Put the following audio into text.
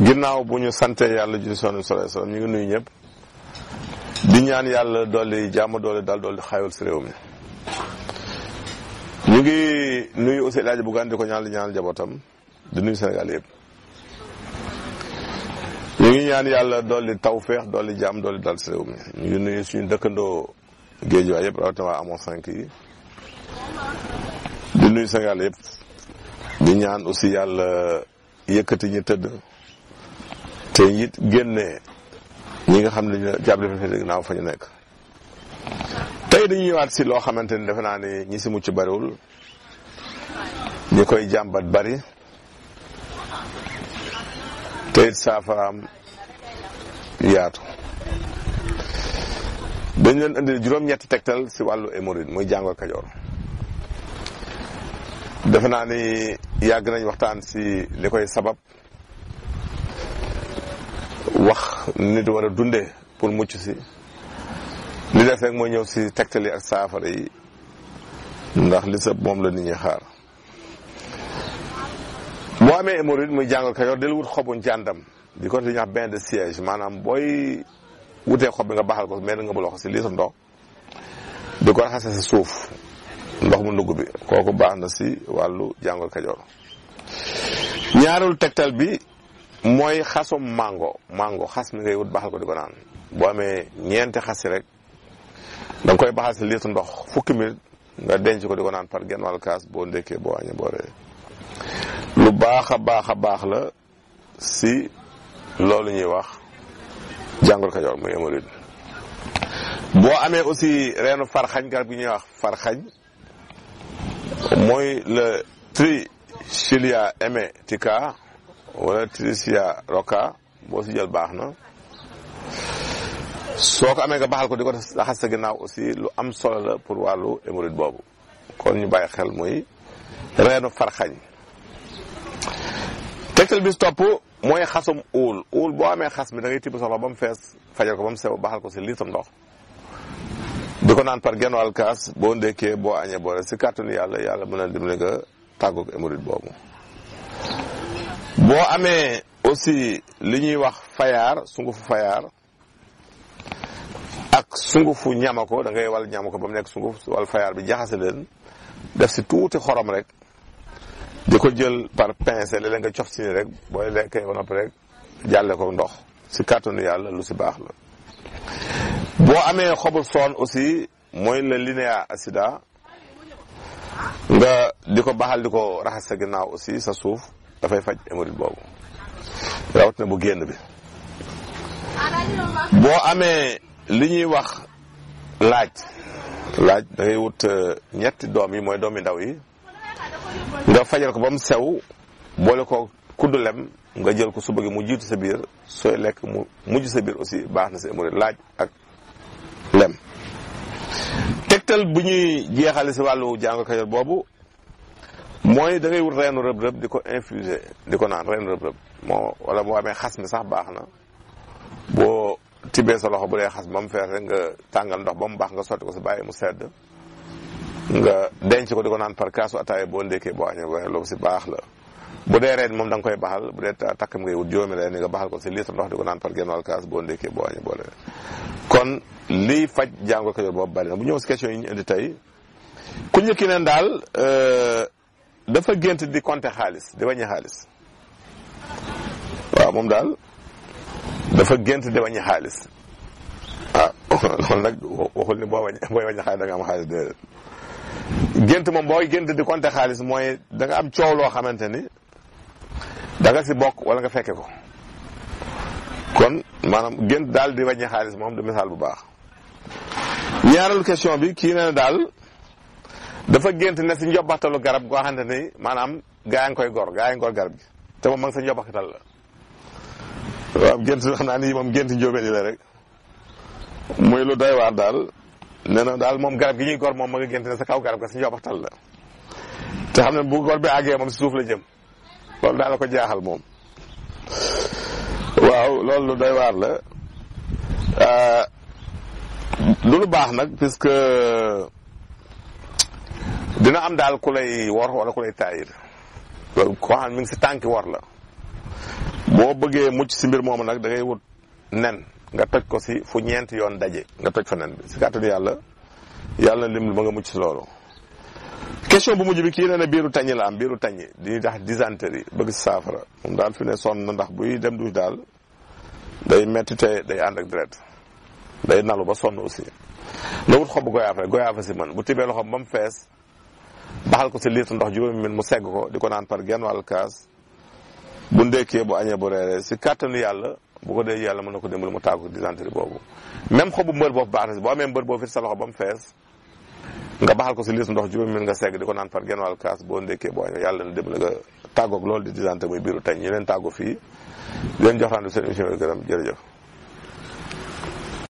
ginnaaw bu ñu sante yàlla julli sonu sallallahu alayhi wasallam ñu ngi nuyu ñëpp di ñaan yàlla dolli jàmm doole dal dolli xayol si réew mi ñu ngi nuyu aussi laaji bu gàndi ko ñaan li ñaan jabootam di nuy Sénégal yëpp ñu ngi ñaan yàlla dolli tawféex dolli jàmm dolli dal si mi ñu ngi nuyu suñu dëkkandoo géej waay yëpp rawatina amoon cinq yi di nuyu Sénégal yëpp di ñaan aussi yàlla yëkkati ñu tëdd te it génne ñi nga xam ne dañu jàpp fa ñu nekk. tey dañuy ñëwaat si loo xamante ni defe naa ni ñi si mucc bariwul ñi koy jàmbat bari te it saafaraam yaatu. dañ leen indi juróom-ñetti tegtal si wàllu hémorroïde muy jàngoro kajoor defe naa ni yàgg nañ waxtaan si ni koy sabab wax nit war a dundee pour mucc si li def mooy ñëw si tegtal yi ak saafara yi ndax li sëb moom la nit ñi xaar boo amee hémorroïde muy jàngal ka yor del wut xobu jàndam di ko li ñuy wax bain maanaam booy wutee xob nga baxal ko mel nga bu si lii sa ndox raxase si suuf ndox mu ndugg bi kooku baax na si wàllu jàngal kajoor ñaareelu tegtal bi mooy xasum màngo mango xas mi ngay wut baxal ko di ko naan boo amee ñeenti xas rek da nga koy baxal si liitu ndox fukki minute nga denc ko di ko naan par genn wàll kaas boo ndékkee boo añee boo baax a baax a baax la si loolu ñuy wax jàngul Kajoor boo amee aussi reenu farxañ garab gi ñuy wax xañ mooy le Trichilia emetica wala trisia roka boo si jël baax na soo ko amee nga baaxal ko di ko def laxas sa ginnaaw aussi lu am solo pour wàllu hémorroïde boobu kon ñu bàyyi xel muy reenu xañ tegtal bis topp mooy xasum uul uul boo amee xas bi da ngay tibb soxla ba mu fees fajal ko ba mu sew baaxal ko si litre ndox di ko naan par genn wàll kaas boo ndekkee boo añee boole si kàttanu yàlla yàlla mën a dimbali nga tàggoog hémorroïde boobu boo amee aussi li ñuy wax fayaar sungufu fayaar ak sungufu ñamako da ngay wal ñamako ba mu nekk sunguf wal fayaar bi jaxase leen def si tuuti xorom rek di ko jël par pincée nga cof si rek booy lekkee ba noppi jàlle ko ndox si kàttanu yàlla lu si baax la boo amee xobu son aussi mooy la linéa acida nga di ko baxal di ko raxas sa ginnaaw aussi sa suuf dafay faj hémorroïde boobu rawat na bu génn bi boo amee li ñuy wax laaj laaj dangay wut euh, ñetti doom yi mooy doomi ndaw yi nga fajal ko ba mu sew boole ko kudd lem nga jël ko suba gi mu jiitu sa biir sooy lekk mu mujj sa biir aussi baax na si hémorroïde laaj ak lem tegtal bu ñuy jeexale si wàllu jàngo boobu mooy da ngay wut reenu rëb rëb di ko infusé di ko naan reenu rëb rëb moo wala boo amee xas mi sax baax na boo tibbee sa bu dee xas ba mu fees rek nga tàngal ndox ba mu baax nga sotti ko sa bàyyi mu sedd nga denc ko di ko naan par kaasu ataaya boo ndékkee boo añee waaye si baax la bu dee koy baxal bu dee takkam ngay wut juróomi reen nga baxal ko ndox di ko naan par genn wàll kaas boo ndékkee boo añee boo kon lii faj jàngoro Kajoor boobu bari na bu ñëw si question yi ñu indi tey ku njëkki neen daal euh, dafa gént di compter xaalis di wàññi xaalis waaw moom daal dafa gént di wàññi xaalis ah loolu nag waxul ni boo wàññi booy wàññi xaalis da nga am xaalis déedéet gént moom booy gént di compter xaalis mooy danga am coow loo xamante ni da nga si bokk wala nga fekke ko kon maanaam gént daal di wàññi xaalis moom du misaal bu baax ñaareelu question bi kii nee na daal dafa gént ne si njobbaxtalu garab goo xam ne ni maanaam gaa ngi koy gor gaa ngi gor garab gi te moom ma nga sa njobbaxtal la waaw gént xam naa ni moom gént njóobeen yi la rek muy lu doy waar daal nee na daal moom garab gi ñuy gor moom ma nga gént ne sa kaw garab ga sa njobbaxtal la te xam ne bu gor bi àggee moom si suuf la jëm loolu daal la ko jaaxal moom waaw loolu lu doy waar la du euh, lu baax nag puisque dina am daal ku lay wor wala ku lay taayil koo xam ne mi ngi si tànki wor la boo bëggee mucc si mbir moomu nag da ngay wut nen nga toj ko si fu ñeenti yoon daje nga toj fa nen bi si kàttanu yàlla yàlla na lim ba nga mucc si loolu. question bu mujj bi kii nee na biiru tañi la am biiru tañi di tax dysenterie bëgg si saafara moom daal fi ne sonn na ndax buy dem du daal day metti day ànd ak deret day nalu ba sonn aussi nga wut xobu goyaafa goyaafa bu tibbee loxoom ba fees. baxal ko si litre ndox juróomi min mu segg ko di ko naan par genn wàll kaas bu ndekkee bu añee bu reeree si kàttanu yàlla bu ko dee yàlla mën na ko dimbali mu tàgg tàggu dysenterie boobu même xobu mbër boobu baax na si boo amee mbër boobu fit sa loxo ba mu fees nga baxal ko si liit ndox juróomi min nga segg di ko naan par genn wàll kaas boo ndekkee bu añee yàlla na dimbali nga tàggoog loolu di dysenterie muy biiru teñ ñu leen tàggu fii di leen jox rendez-vous seen émission bi gërëm jërëjëf